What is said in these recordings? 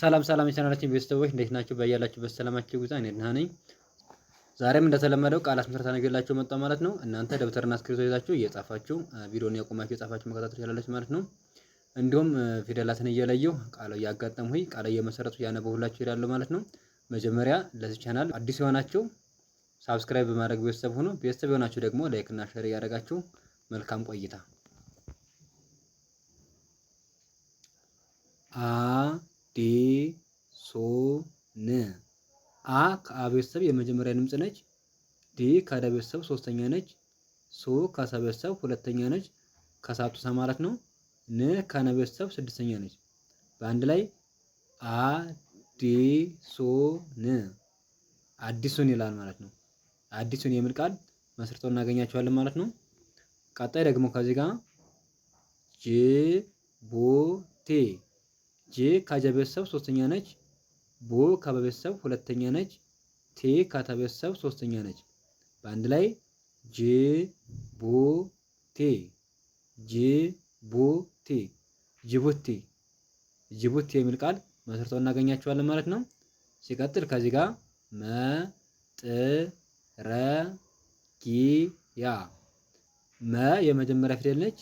ሰላም ሰላም የቻናላችን ቤተሰቦች እንዴት ናችሁ? በያላችሁበት በሰላማችሁ ጉዛ። እኔ ደህና ነኝ። ዛሬም እንደተለመደው ቃላት ምስረታ ነገላችሁ መጣ ማለት ነው። እናንተ ደብተርና እስክሪብቶ ይዛችሁ እየጻፋችሁ ቪዲዮን ያቆማችሁ እየጻፋችሁ መከታተል ትችላላችሁ ማለት ነው። እንዲሁም ፊደላትን እየለየው ቃል እያጋጠምሁ ቃል እየመሰረቱ ያነበብሁላችሁ ይላሉ ማለት ነው። መጀመሪያ ለዚህ ቻናል አዲስ የሆናችሁ ሳብስክራይብ በማድረግ ቤተሰብ ሆኖ ቤተሰብ የሆናችሁ ደግሞ ላይክ እና ሼር እያደረጋችሁ መልካም ቆይታ አ ዴ ሶ ን አ ከአ የመጀመሪያ ድምፅ ነች። ዲ ከደ ቤተሰብ ሶስተኛ ነች። ሶ ከሰ ቤተሰብ ሁለተኛ ነች። ከሳብትሳ ማለት ነው። ን ከነ ቤተሰብ ስድስተኛ ነች። በአንድ ላይ አ ዲ ሶ ን አዲሱን ይላል ማለት ነው። አዲሱን የሚል ቃል መስርቶ እናገኛቸዋለን ማለት ነው። ቀጣይ ደግሞ ከዚህ ጋር ጅቦቴ። ጄ ካጀ ቤተሰብ ሶስተኛ ነች። ቦ ከበ ቤተሰብ ሁለተኛ ነች። ቴ ካተ ቤተሰብ ሶስተኛ ነች። በአንድ ላይ ጄ ቦ ቴ ጄ ቦ ቴ ጅቡቲ ጅቡቲ የሚል ቃል መስርተው እናገኛቸዋለን ማለት ነው። ሲቀጥል ከዚህ ጋር መ ጥ ረ ጊ ያ መ የመጀመሪያ ፊደል ነች።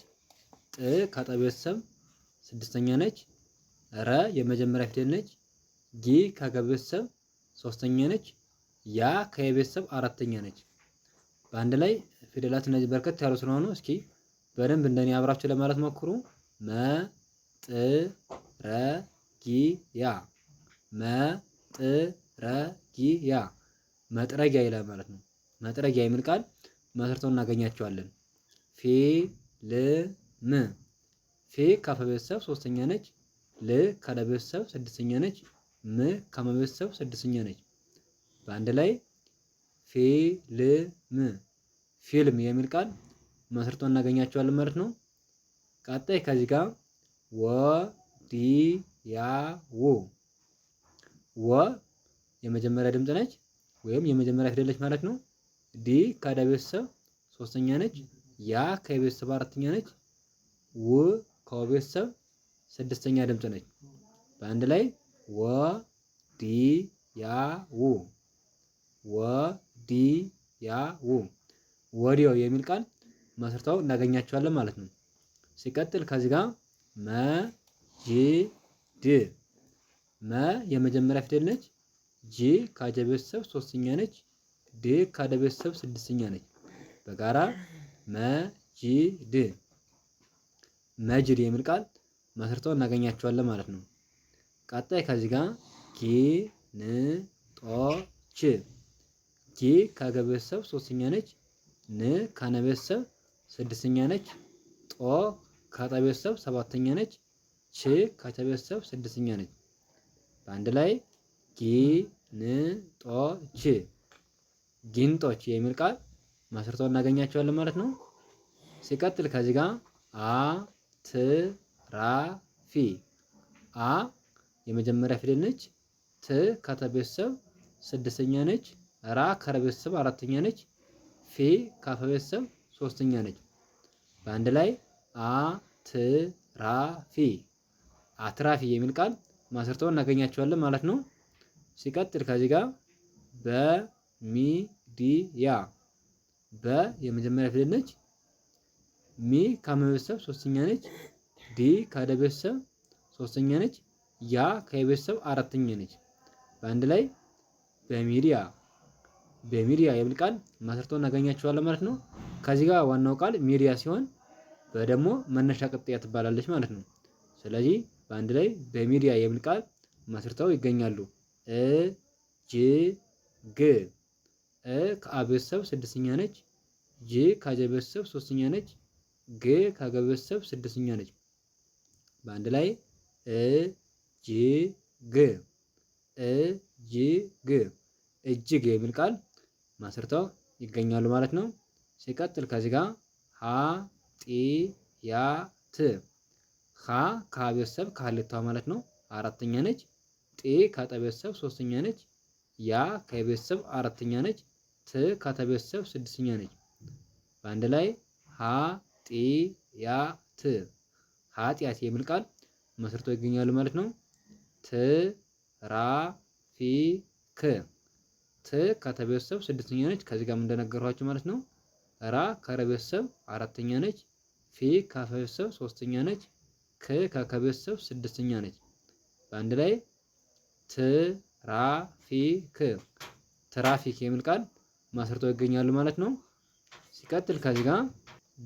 ጥ ከጠ ቤተሰብ ስድስተኛ ነች። ረ የመጀመሪያ ፊደል ነች። ጊ ከገ ቤተሰብ ሶስተኛ ነች። ያ ከየ ቤተሰብ አራተኛ ነች። በአንድ ላይ ፊደላት እነዚህ በርከት ያሉ ስለሆኑ እስኪ በደንብ እንደኔ አብራችሁ ለማለት ሞክሩ። መ ጥ ረ ጊ ያ መ ጥ ረ ጊ ያ መጥረጊያ ይላል ማለት ነው። መጥረጊያ የሚል ቃል መስርተው እናገኛቸዋለን። ፊ ል ም ፊ ካፈ ቤተሰብ ሶስተኛ ነች። ል ካለቤተሰብ ስድስተኛ ነች። ም ከመቤተሰብ ስድስተኛ ነች። በአንድ ላይ ፊልም ፊልም የሚል ቃል መስርቶ እናገኛቸዋለን ማለት ነው። ቀጣይ ከዚህ ጋር ወዲያው ወ የመጀመሪያ ድምፅ ነች ወይም የመጀመሪያ ፊደል ነች ማለት ነው። ዲ ከዳ ቤተሰብ ሶስተኛ ነች። ያ ከቤተሰብ አራተኛ ነች። ው ከቤተሰብ ስድስተኛ ድምፅ ነች። በአንድ ላይ ወ ዲ ያ ው ወ ዲ ያ ው ወዲዮ የሚል ቃል መስርተው እናገኛቸዋለን ማለት ነው። ሲቀጥል ከዚህ ጋር መ ጂ ድ መ የመጀመሪያ ፊደል ነች። ጂ ከጀ ቤተሰብ ሶስተኛ ነች። ድ ከደ ቤተሰብ ስድስተኛ ነች። በጋራ መ ጂ ድ መጅድ የሚል ቃል መስርተው እናገኛቸዋለን ማለት ነው። ቀጣይ ከዚህ ጋር ኪ ን ጦ ች ኪ ከገ ቤተሰብ ሶስተኛ ነች። ን ከነ ቤተሰብ ስድስተኛ ነች። ጦ ከጠ ቤተሰብ ሰባተኛ ነች። ች ከቸ ቤተሰብ ስድስተኛ ነች። በአንድ ላይ ጊ ን ጦ ች ጊንጦች የሚል ቃል መስርተው እናገኛቸዋለን ማለት ነው። ሲቀጥል ከዚህ ጋር አ ት ራፊ አ የመጀመሪያ ፊደል ነች። ት ከተ ስድስተኛ ነች። ራ ከረ አራተኛ ነች። ፊ ካፈ ሶስተኛ ነች። በአንድ ላይ አ ት ራ ፊ አትራፊ የሚል ቃል ማሰርተው እናገኛቸዋለን ማለት ነው። ሲቀጥል ከዚህ ጋር በሚዲያ በ የመጀመሪያ ፊደል ነች። ሚ ካመ ሶስተኛ ነች። ዲ ከደ ቤተሰብ ሶስተኛ ነች። ያ ከቤተሰብ አራተኛ ነች። በአንድ ላይ በሚዲያ በሚዲያ የሚል ቃል መስርቶ እናገኛቸዋለን ማለት ነው። ከዚህ ጋር ዋናው ቃል ሚዲያ ሲሆን በደግሞ መነሻ ቅጥያ ትባላለች ማለት ነው። ስለዚህ በአንድ ላይ በሚዲያ የሚል ቃል መስርተው ይገኛሉ። እ ጅ ግ እ ከአ ስድስተኛ ነች። ጅ ከጀ ሶስተኛ ነች። ግ ከገ ስድስተኛ ነች። በአንድ ላይ እጅግ እጅግ እጅግ የሚል ቃል ማስርተው ይገኛሉ ማለት ነው። ሲቀጥል ከዚህ ጋር ኃጢአት ሀ ከሀ ቤተሰብ ከሀሌታዋ ማለት ነው አራተኛ ነች። ጤ ከጠ ቤተሰብ ሶስተኛ ነች። ያ ከቤተሰብ አራተኛ ነች። ት ከተ ቤተሰብ ስድስተኛ ነች። በአንድ ላይ ሀጢአት ኃጢአት የሚል ቃል መስርቶ ይገኛሉ ማለት ነው። ትራፊክ ት ከተቤተሰብ ስድስተኛ ነች። ከዚህ ጋር እንደነገርኋችሁ ማለት ነው። ራ ከረቤተሰብ አራተኛ ነች። ፊ ከፈቤተሰብ ሶስተኛ ነች። ክ ከከቤተሰብ ስድስተኛ ነች። በአንድ ላይ ትራፊክ ትራፊክ የሚል ቃል መስርተው ይገኛሉ ማለት ነው። ሲቀጥል ከዚህ ጋር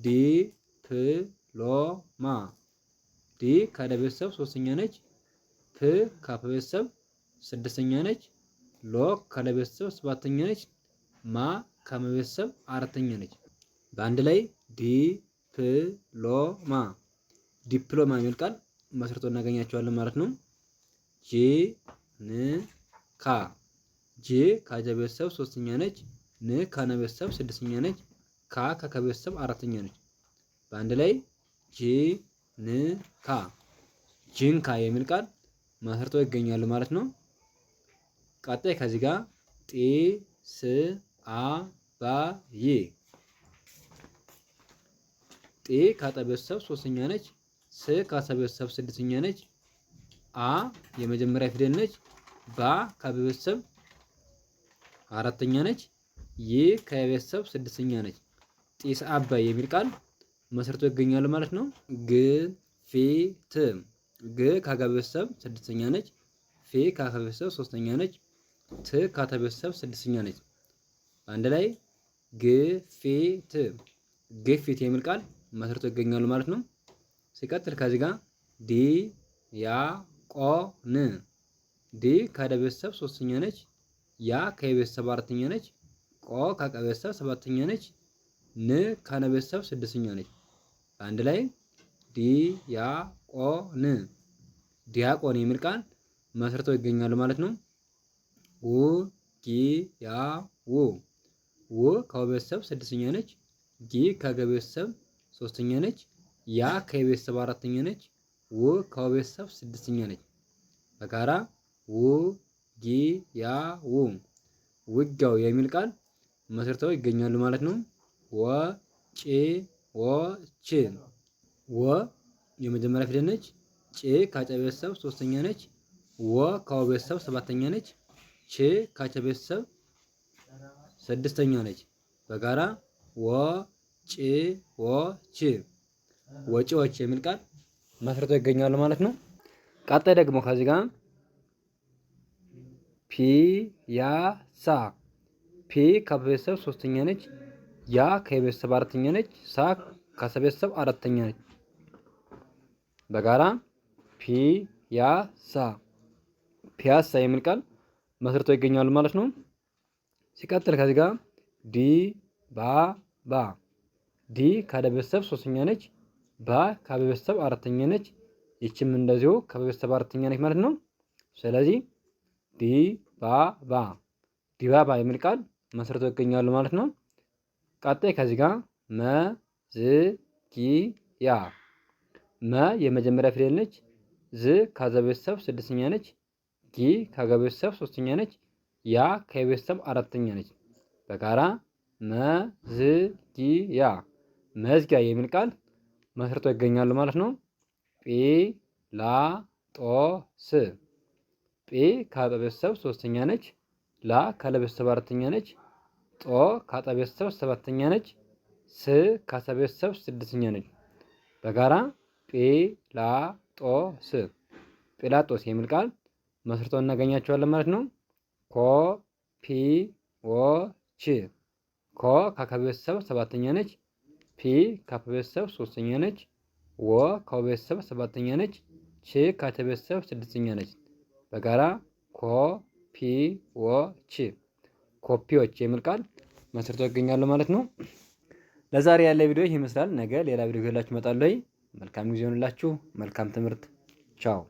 ዲፕሎማ ዲ ካለ ቤተሰብ ሶስተኛ ነች። ፕ ካፈ ቤተሰብ ስድስተኛ ነች። ሎ ካለ ቤተሰብ ሰባተኛ ነች። ማ ካመ ቤተሰብ አራተኛ ነች። በአንድ ላይ ዲፕሎማ ዲፕሎማ የሚል ቃል መስርቶ እናገኛቸዋለን ማለት ነው። ጂ ን ካ ጂ ካጀ ቤተሰብ ሶስተኛ ነች። ን ካነ ቤተሰብ ስድስተኛ ነች። ካ ከከ ቤተሰብ አራተኛ ነች። በአንድ ላይ ጂ ንካ ጅንካ የሚል ቃል መስርቶ ይገኛሉ ማለት ነው። ቀጣይ ከዚህ ጋር ባ ይ ጤ ከጠ ቤተሰብ ሶስተኛ ነች። ስ ከሰ ቤተሰብ ስድስተኛ ነች። አ የመጀመሪያ ፊደል ነች። ባ ከበ ቤተሰብ አራተኛ ነች። ይ ከቤተሰብ ስድስተኛ ነች። ጢስ አባይ የሚል ቃል መስርቶ ይገኛሉ ማለት ነው። ግ ፊ ት ግ ከሀ ቤተሰብ ስድስተኛ ነች። ፊ ከሀ ቤተሰብ ሶስተኛ ነች። ት ከሀ ቤተሰብ ስድስተኛ ነች። በአንድ ላይ ግ ፊ ት ግፊት የሚል ቃል መስርቶ ይገኛሉ ማለት ነው። ሲቀጥል ከዚህ ጋር ዲ ያ ቆ ን ዲ ከደ ቤተሰብ ሶስተኛ ነች። ያ ከቤተሰብ አራተኛ ነች። ቆ ከቀ ቤተሰብ ሰባተኛ ነች። ን ከነ ቤተሰብ ስድስተኛ ነች። በአንድ ላይ ዲያቆን ዲያቆን የሚል ቃል መስርተው ይገኛሉ ማለት ነው። ውጊያው ው ከቤተሰብ ስድስተኛ ነች። ጊ ከገቤተሰብ ሶስተኛ ነች። ያ ከቤተሰብ አራተኛ ነች። ው ከውቤተሰብ ስድስተኛ ነች። በጋራ ውጊያው ውጊያው የሚል ቃል መስርተው ይገኛሉ ማለት ነው። ወጪ ዎች ወ የመጀመሪያ ፊደል ነች። ጭ ካጨ ቤተሰብ ሶስተኛ ነች። ወ ካወ ቤተሰብ ሰባተኛ ነች። ች ካቸ ቤተሰብ ስድስተኛ ነች። በጋራ ወ ጭ ወ ች ወጪዎች የሚል ቃል መስርቶ ይገኛሉ ማለት ነው። ቀጣይ ደግሞ ከዚህ ጋር ፒያሳ ፒ ከቤተሰብ ሶስተኛ ነች። ያ ከቤተሰብ አራተኛ ነች። ሳ ከሰቤተሰብ አራተኛ ነች። በጋራ ፒ ያ ሳ ፒያሳ የሚል ቃል መስርተው ይገኛሉ ማለት ነው። ሲቀጥል ከዚህ ጋር ዲ ባ ባ ዲ ከቤተሰብ ሶስተኛ ነች። ባ ከቤተሰብ አራተኛ ነች። ይችም እንደዚሁ ከቤተሰብ አራተኛ ነች ማለት ነው። ስለዚህ ዲ ባ ባ ዲባባ የሚል ቃል መስርቶ ይገኛሉ ማለት ነው። ቀጣይ ከዚህ ጋር መዝጊያ መ የመጀመሪያ ፊደል ነች። ዝ ከዘ ቤተሰብ ስድስተኛ ነች። ጊ ከገ ቤተሰብ ሶስተኛ ነች። ያ ከቤተሰብ አራተኛ ነች። በጋራ መዝጊያ መዝጊያ የሚል ቃል መስርቶ ይገኛሉ ማለት ነው። ጲላጦስ ጲ ከጠ ቤተሰብ ሶስተኛ ነች። ላ ከለ ቤተሰብ አራተኛ ነች። ጦ ከአጣ ቤተሰብ ሰባተኛ ነች። ስ ከሰ ቤተሰብ ስድስተኛ ነች። በጋራ ጲላጦስ ጲላጦስ የሚል ቃል መስርቶ እናገኛቸዋለን ማለት ነው። ኮፒዎች ኮ ከከ ቤተሰብ ሰባተኛ ነች። ፒ ከፐ ቤተሰብ ሶስተኛ ነች። ወ ከወ ቤተሰብ ሰባተኛ ነች። ች ከተ ቤተሰብ ስድስተኛ ነች። በጋራ ኮፒዎች ኮፒዎች የሚል ቃል መስርቶ ይገኛሉ ማለት ነው። ለዛሬ ያለ ቪዲዮ ይህ ይመስላል። ነገ ሌላ ቪዲዮ ይዤላችሁ እመጣለሁ። መልካም ጊዜ ይሆንላችሁ። መልካም ትምህርት። ቻው